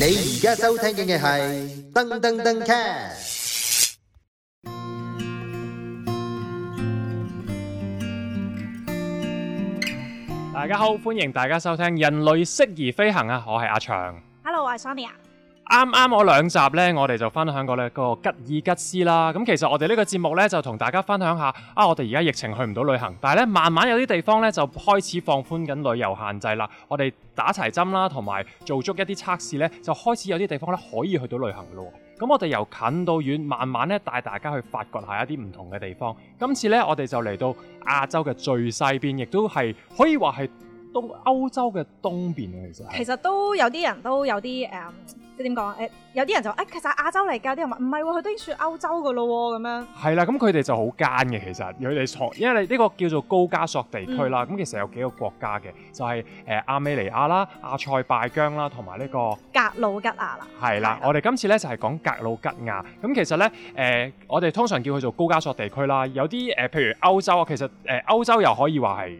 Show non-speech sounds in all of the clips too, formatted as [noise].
你而家收聽緊嘅係燈登登 cast。登登登卡，大家好，歡迎大家收聽人類適宜飛行啊！我係阿祥。Hello，我係 Sonia。啱啱我兩集呢，我哋就分享過呢個吉爾吉斯啦。咁其實我哋呢個節目呢，就同大家分享下啊，我哋而家疫情去唔到旅行，但係呢，慢慢有啲地方呢，就開始放寬緊旅遊限制啦。我哋打齊針啦，同埋做足一啲測試呢，就開始有啲地方呢，可以去到旅行咯。咁我哋由近到遠，慢慢呢，帶大家去發掘下一啲唔同嘅地方。今次呢，我哋就嚟到亞洲嘅最西邊，亦都係可以話係，歐洲嘅東邊，其實其實都有啲人都有啲誒，即係點講有啲人就誒、欸，其實亞洲嚟㗎，啲人話唔係，佢、啊、都算歐洲㗎咯喎，咁樣係啦，咁佢哋就好奸嘅，其實佢哋錯，因為呢個叫做高加索地區啦。咁、嗯、其實有幾個國家嘅，就係、是、誒亞美尼亞啦、阿塞拜疆啦，同埋呢個格魯吉亞啦。係啦的，的我哋今次咧就係、是、講格魯吉亞。咁其實咧誒、呃，我哋通常叫佢做高加索地區啦。有啲誒，譬如歐洲啊，其實誒歐洲又可以話係。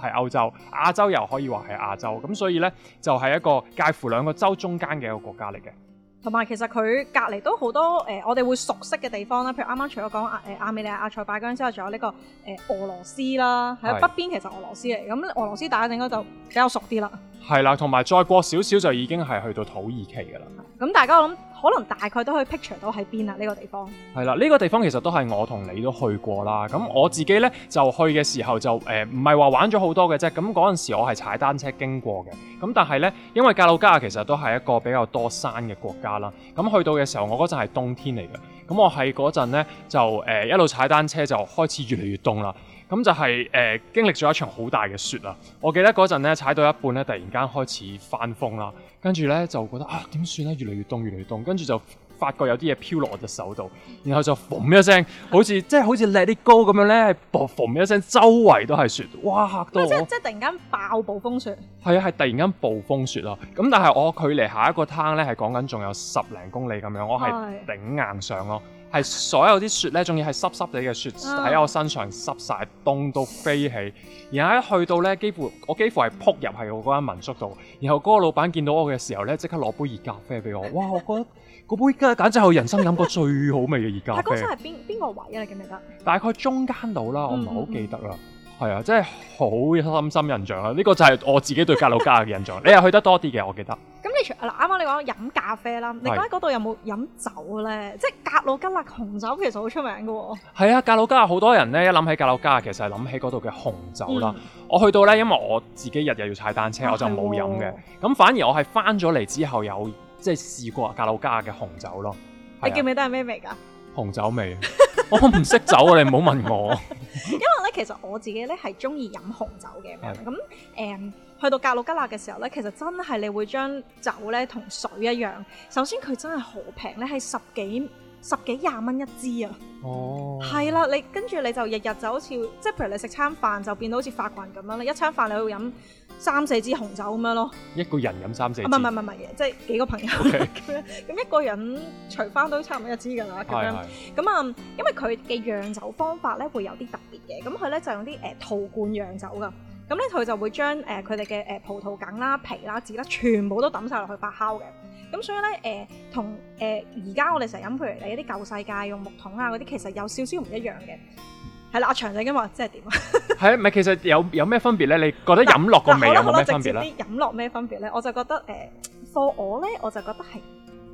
係歐洲、亞洲又可以話係亞洲，咁所以呢，就係一個介乎兩個洲中間嘅一個國家嚟嘅。同埋其實佢隔離都好多誒，我哋會熟悉嘅地方啦。譬如啱啱除咗講亞誒亞美利亞阿塞拜疆之外，仲有呢個誒俄羅斯啦，喺北邊其實俄羅斯嚟。咁俄羅斯大家應該就比較熟啲啦。係啦，同埋再過少少就已經係去到土耳其㗎啦。咁大家我諗。可能大概都可以 picture 到喺邊啊？呢、呢個地方係啦，呢、呢個地方其實都係我同你都去過啦。咁我自己呢，就去嘅時候就誒唔係話玩咗好多嘅啫。咁嗰陣時我係踩單車經過嘅。咁但係呢，因為格魯吉亞其實都係一個比較多山嘅國家啦。咁去到嘅時候，我嗰陣係冬天嚟嘅。咁我係嗰陣咧就誒、呃、一路踩單車就開始越嚟越凍啦。咁就係、是、誒、呃、經歷咗一場好大嘅雪啊！我記得嗰陣咧踩到一半咧，突然間開始翻風啦，跟住咧就覺得啊點算咧？越嚟越凍，越嚟越凍，跟住就發覺有啲嘢飄落我隻手度，然後就嘣一聲，的好似即係好似 Let it go 咁樣咧，嘣一聲，周圍都係雪，哇嚇到我！即係即係突然間爆暴風雪係啊！係突然間暴風雪啊！咁但係我距離下一個灘咧係講緊仲有十零公里咁樣，我係頂硬上咯。係所有啲雪咧，仲要係濕濕地嘅雪喺、啊、我身上濕晒，凍到飛起。然後一去到咧，幾乎我幾乎係撲入喺我嗰間民宿度。然後嗰個老闆見到我嘅時候咧，即刻攞杯熱咖啡俾我。哇！我覺得嗰杯嘅簡直係我人生飲過最好味嘅熱咖啡。喺嗰陣係邊邊個位啊？你記唔記得？大概中間度啦，我唔係好記得啦。嗯嗯係啊，真係好深深印象啦！呢、這個就係我自己對格魯吉亞嘅印象。 [laughs] 你又去得多啲嘅，我記得。咁你嗱啱啱你講飲咖啡啦，是你覺得嗰度有冇飲酒咧？即係格魯吉亞紅酒其實好出名嘅喎、哦。係啊，格魯吉亞好多人咧一諗起格魯吉亞，其實係諗起嗰度嘅紅酒啦。嗯、我去到咧，因為我自己日日要踩單車， [laughs] 我就冇飲嘅。咁 [laughs] 反而我係翻咗嚟之後有即係試過格魯吉亞嘅紅酒咯。你記唔記得係咩味㗎？紅酒味。 [laughs] 我唔識酒啊！你唔好問我。 [laughs] 其實我自己咧係中意飲紅酒嘅，咁誒的、嗯、去到格魯吉亞嘅時候咧，其實真係你會將酒咧同水一樣。首先佢真係好平咧，係十幾十幾廿蚊一支啊，係啦、哦，你跟住你就日日就好似即係譬如你食餐飯就變到好似法國人咁樣啦，一餐飯你去飲三四支紅酒咁樣咯，一個人飲三四支，唔係唔係唔係，即係、就是、幾個朋友。咁 Okay. 一個人除翻都差唔多一支㗎啦。咁樣咁啊、哎哎嗯，因為佢嘅釀酒方法咧會有啲特別嘅，咁佢咧就用啲誒陶罐釀酒㗎。咁咧佢就會將誒佢哋嘅誒葡萄梗啦、皮啦、籽啦，全部都揼晒落去發酵嘅。咁所以咧誒同誒而家我哋成日飲，譬如你一啲舊世界用木桶啊嗰啲，其實有少少唔一樣嘅。係啦，阿長仔咁話，即係點啊？係 [laughs] 啊，唔係其實有有咩分別咧？你覺得飲落個味有冇咩分別啲？飲落咩分別咧？我就覺得誒，for 我咧，我就覺得係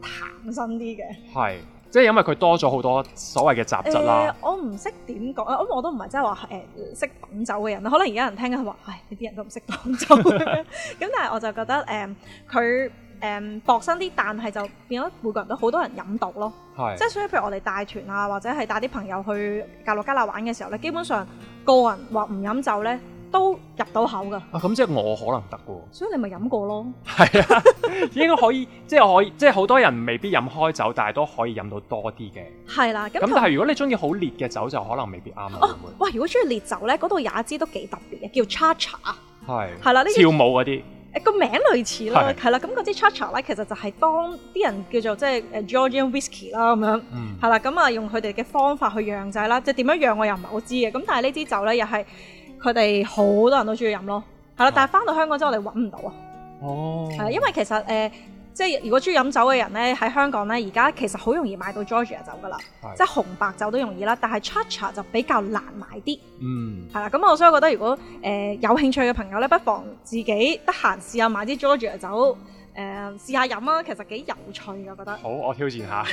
淡身啲嘅。係，即係因為佢多咗好多所謂嘅雜質啦。呃、我唔識點講啊，因我都唔係真係話誒識品酒嘅人啦。可能而家人聽緊佢話，唉，呢啲人都唔識品酒咁樣。咁 [laughs] [laughs] 但係我就覺得誒，佢、呃。誒、um, 薄身啲，但係就變咗每個人都好多人飲到咯。係是，即係所以譬如我哋帶團啊，或者係帶啲朋友去格魯吉亞玩嘅時候咧，基本上個人話唔飲酒咧都入到口噶。咁、啊嗯、即係我可能得嘅。所以你咪飲過咯。係啊，應該可以， [laughs] 即係可以，即係好多人未必飲開酒，但係都可以飲到多啲嘅。係啦、啊。咁但係如果你中意好烈嘅酒，就可能未必啱。哦、啊，哇、啊！如果中意烈酒咧，嗰度有一支都幾特別嘅，叫查查。係、啊。係啦、啊，跳舞嗰啲。誒個名類似啦，係啦的，咁嗰支 Chacha 咧，其實就係當啲人叫做即係誒 Georgian Whiskey 啦咁樣，係啦，咁啊用佢哋嘅方法去釀製啦，即係點樣釀我又唔係好知嘅，咁但係呢支酒咧又係佢哋好多人都中意飲咯。係啦，但係翻到香港之後我哋揾唔到啊，哦，係因為其實誒。即係如果中意飲酒嘅人咧，喺香港咧而家其實好容易買到 Georgia 酒噶啦，是的 即係紅白酒都容易啦，但係 Chacha 就比較難買啲。嗯，係啦，咁我所以覺得如果誒、呃、有興趣嘅朋友咧，不妨自己得閒試下買啲 Georgia 酒，誒、呃、試下飲啊，其實幾有趣我覺得。好，我挑戰下，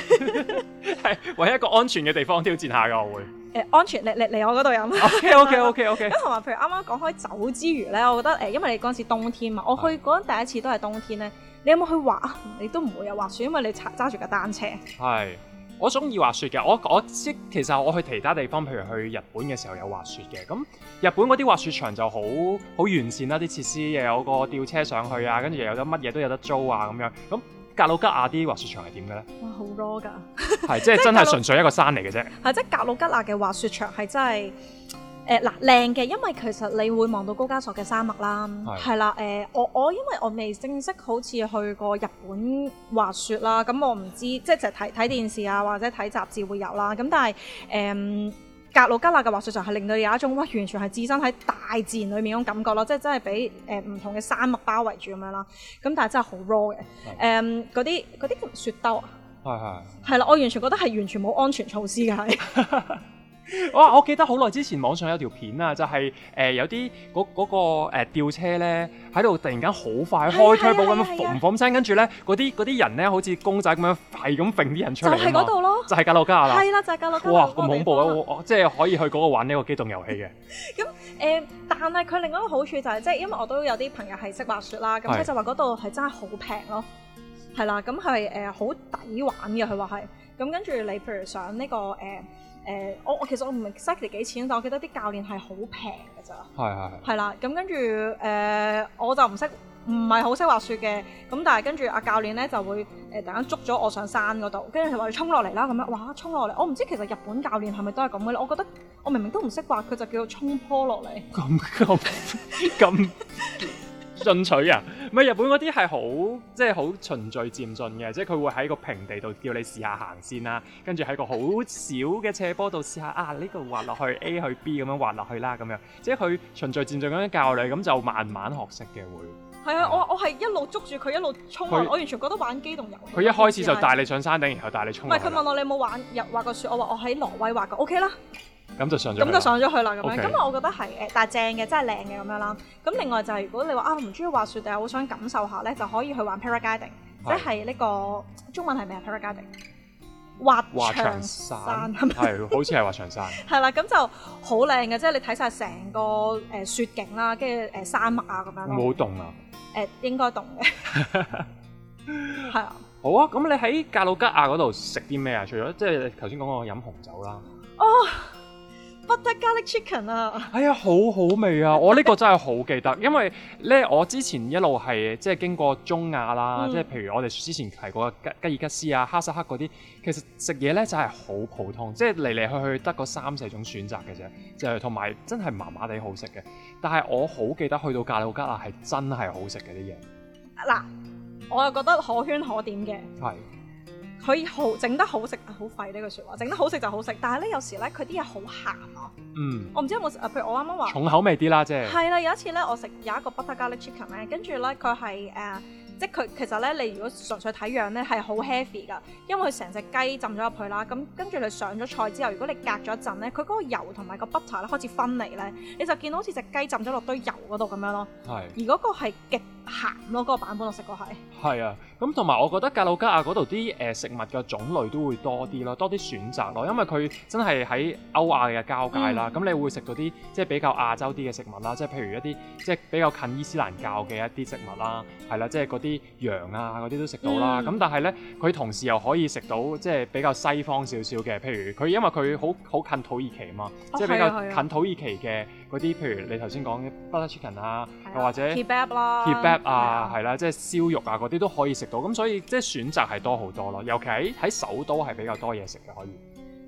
係揾 [laughs] [laughs] 一個安全嘅地方挑戰下噶，我會。誒、呃，安全，你嚟嚟嚟我嗰度飲。OK OK OK OK。咁同埋，譬如啱啱講開酒之餘咧，我覺得誒、呃，因為你嗰陣時冬天嘛，我去嗰陣第一次都係冬天咧。嗯嗯你有冇去滑啊？你都唔會有滑雪，因為你揸揸住架單車。係，我中意滑雪嘅。我我即其實我去其他地方，譬如去日本嘅時候有滑雪嘅。咁日本嗰啲滑雪場就好好完善啦、啊，啲設施又有個吊車上去啊，跟住又有得乜嘢都有得租啊咁樣。咁格魯吉亞啲滑雪場係點嘅咧？哇，好 low 噶，係 [laughs] 即係真係純粹一個山嚟嘅啫。係 [laughs] 即格魯吉亞嘅滑雪場係真係。誒嗱靚嘅，因為其實你會望到高加索嘅山脈啦，係啦的，誒、呃、我我因為我未正式好似去過日本滑雪啦，咁、嗯、我唔知，即係就睇睇電視啊或者睇雜誌會有啦，咁但係誒格魯吉亞嘅滑雪場係令到有一種哇、呃、完全係置身喺大自然裏面嗰種感覺咯，即係真係俾誒唔同嘅山脈包圍住咁樣啦，咁但係真係好 raw 嘅，誒嗰啲嗰啲雪兜係係係啦，我完全覺得係完全冇安全措施嘅係。 [laughs] 我我記得好耐之前網上有條片啊，就係、是、誒、呃、有啲嗰嗰個吊車咧喺度突然間好快開推步咁樣，唔方聲，跟住咧嗰啲啲人咧好似公仔咁樣係咁揈啲人出嚟，就係嗰度咯，就係格魯吉亞啦，係啦就係格魯吉亞。哇，咁恐怖啊！我我即係可以去嗰個玩呢個機動遊戲嘅。咁誒、 [laughs] 嗯呃，但係佢另外一個好處就係即係因為我都有啲朋友係識滑雪啦，咁佢就話嗰度係真係好平咯，係啦，咁係誒好抵玩嘅，佢話係。咁跟住你譬如上呢、這個誒。嗯嗯誒、呃，我我其實我唔明 cycle 幾錢，但我記得啲教練係好平㗎咋，係係係啦。咁跟住誒、呃，我就唔識，唔係好識滑雪嘅。咁但係跟住阿教練咧就會誒、呃，突然間捉咗我上山嗰度，跟住佢話你衝落嚟啦咁樣，哇，衝落嚟！我唔知其實日本教練係咪都係咁嘅咧？我覺得我明明都唔識滑，佢就叫做衝坡落嚟。咁咁。 [laughs] 進取啊！唔係日本嗰啲係好即係好循序漸進嘅，即係佢會喺個平地度叫你試下行先啦、啊，跟住喺個好小嘅斜坡度試下啊呢度、這個、滑落去 A 去 B 咁樣滑落去啦咁樣，即係佢循序漸進咁樣教你，咁就慢慢學識嘅會。係啊的的，我我係一路捉住佢一路衝他我完全覺得玩機動遊戲。佢一開始就帶你上山頂，然後帶你衝。唔係佢問我你有冇玩入滑過雪？我話我喺挪威滑過，OK 啦。咁就上咗，咁就上咗去啦。咁 Okay. 樣咁我覺得係嘅，但係正嘅，真係靚嘅咁樣啦。咁另外就係、是、如果你話啊唔中意滑雪，定係好想感受下咧，就可以去玩 paragliding，是即係呢、呢個中文係咩啊？paragliding 滑翔傘係 [laughs] 好似係滑翔傘係啦。咁 [laughs] 就好靚嘅，即係你睇晒成個誒雪景啦，跟住誒山脈啊咁樣咯。冇凍啊？誒、呃、應該凍嘅係好啊。咁你喺格魯吉亞嗰度食啲咩啊？除咗即係頭先講過飲紅酒啦。哦。Oh, 得咖喱 Chicken 啊！哎呀，好好味啊！我呢個真係好記得， [laughs] 因為咧我之前一路係即係經過中亞啦，嗯、即係譬如我哋之前提過吉吉爾吉斯啊、哈薩克嗰啲，其實食嘢咧就係、是、好普通，即係嚟嚟去去得嗰三四種選擇嘅啫，就係同埋真係麻麻地好食嘅。但係我好記得去到格魯吉亞係真係好食嘅啲嘢，嗱我又覺得可圈可點嘅，係。佢好整得好食啊，好廢呢個説話，整得好食就好食，但係咧有時咧佢啲嘢好鹹啊。嗯，我唔知有冇食，譬如我啱啱話重口味啲啦，即係係啦。有一次咧，我食有一個 butter garlic chicken 咧，跟住咧佢係誒，即係佢其實咧你如果純粹睇樣咧係好 heavy 㗎，因為佢成隻雞浸咗入去啦。咁跟住你上咗菜之後，如果你隔咗一陣咧，佢嗰個油同埋個 butter 咧開始分離咧，你就見到好似隻雞浸咗落堆油嗰度咁樣咯。係是，而嗰個係極。鹹咯，嗰個版本我食過係。係啊，咁同埋我覺得格魯吉亞嗰度啲誒食物嘅種類都會多啲咯，多啲選擇咯，因為佢真係喺歐亞嘅交界啦。咁你會食到啲即係比較亞洲啲嘅食物啦，即係譬如一啲即係比較近伊斯蘭教嘅一啲食物啦，係啦，即係嗰啲羊啊嗰啲都食到啦。咁但係咧，佢同時又可以食到即係比較西方少少嘅，譬如佢因為佢好好近土耳其嘛，即係比較近土耳其嘅嗰啲，譬如你頭先講嘅 Chicken 啊，又或者啊，係啦、啊啊，即係燒肉啊，嗰啲都可以食到，咁所以即係選擇係多好多咯，尤其喺喺首都係比較多嘢食嘅，可以。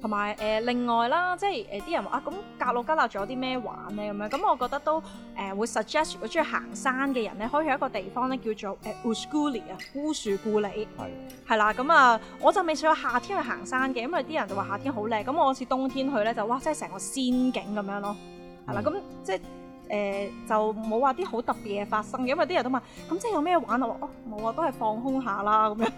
同埋誒，另外啦，即係誒，啲、呃、人話啊，咁、嗯、格魯吉亞仲有啲咩玩咧咁樣？咁、嗯嗯、我覺得都誒、呃、會 suggest，如果中意行山嘅人咧，可以去一個地方咧，叫做誒烏樹故里啊，烏樹故里。係係啦，咁啊，我就未試過夏天去行山嘅，因為啲人就話夏天好靚，咁我好似冬天去咧，就哇，即係成個仙境咁樣咯。係啦，咁即係。誒、呃、就冇話啲好特別嘅發生，因為啲人都問，咁即係有咩玩啊？哦，冇啊，都係放空下啦咁樣。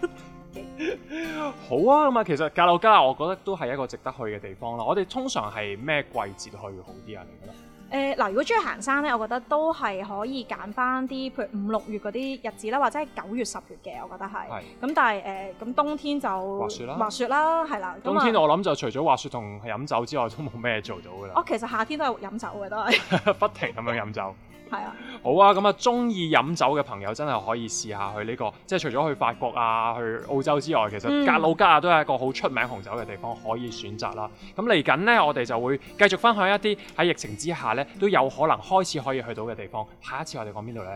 [laughs] 好啊，咁啊，其實格魯吉亞我覺得都係一個值得去嘅地方啦。我哋通常係咩季節去好啲啊？你覺得？誒嗱、呃，如果中意行山咧，我覺得都係可以揀翻啲，譬如五六月嗰啲日子啦，或者係九月十月嘅，我覺得係。咁是但係誒，咁、呃、冬天就滑雪啦，滑雪啦，係啦。冬天、嗯、我諗就除咗滑雪同飲酒之外，都冇咩做到㗎啦。我、哦、其實夏天都有飲酒嘅，都係 [laughs] 不停咁樣飲酒。係啊，好啊，咁、嗯、啊，中意飲酒嘅朋友真係可以試下去呢個，即係除咗去法國啊、去澳洲之外，其實格魯吉亞都係一個好出名紅酒嘅地方，可以選擇啦。咁嚟緊呢，我哋就會繼續分享一啲喺疫情之下呢，都有可能開始可以去到嘅地方。下一次我哋講邊度呢？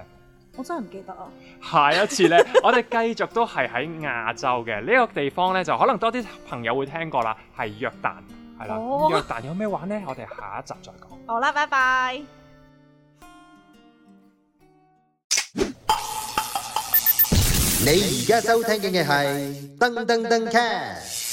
我真係唔記得啊！下一次呢， [laughs] 我哋繼續都係喺亞洲嘅呢個地方呢，就可能多啲朋友會聽過啦。係約旦，係啦，約旦有咩玩呢？我哋下一集再講。好啦，拜拜。你而家收聽嘅係噔噔噔 cast。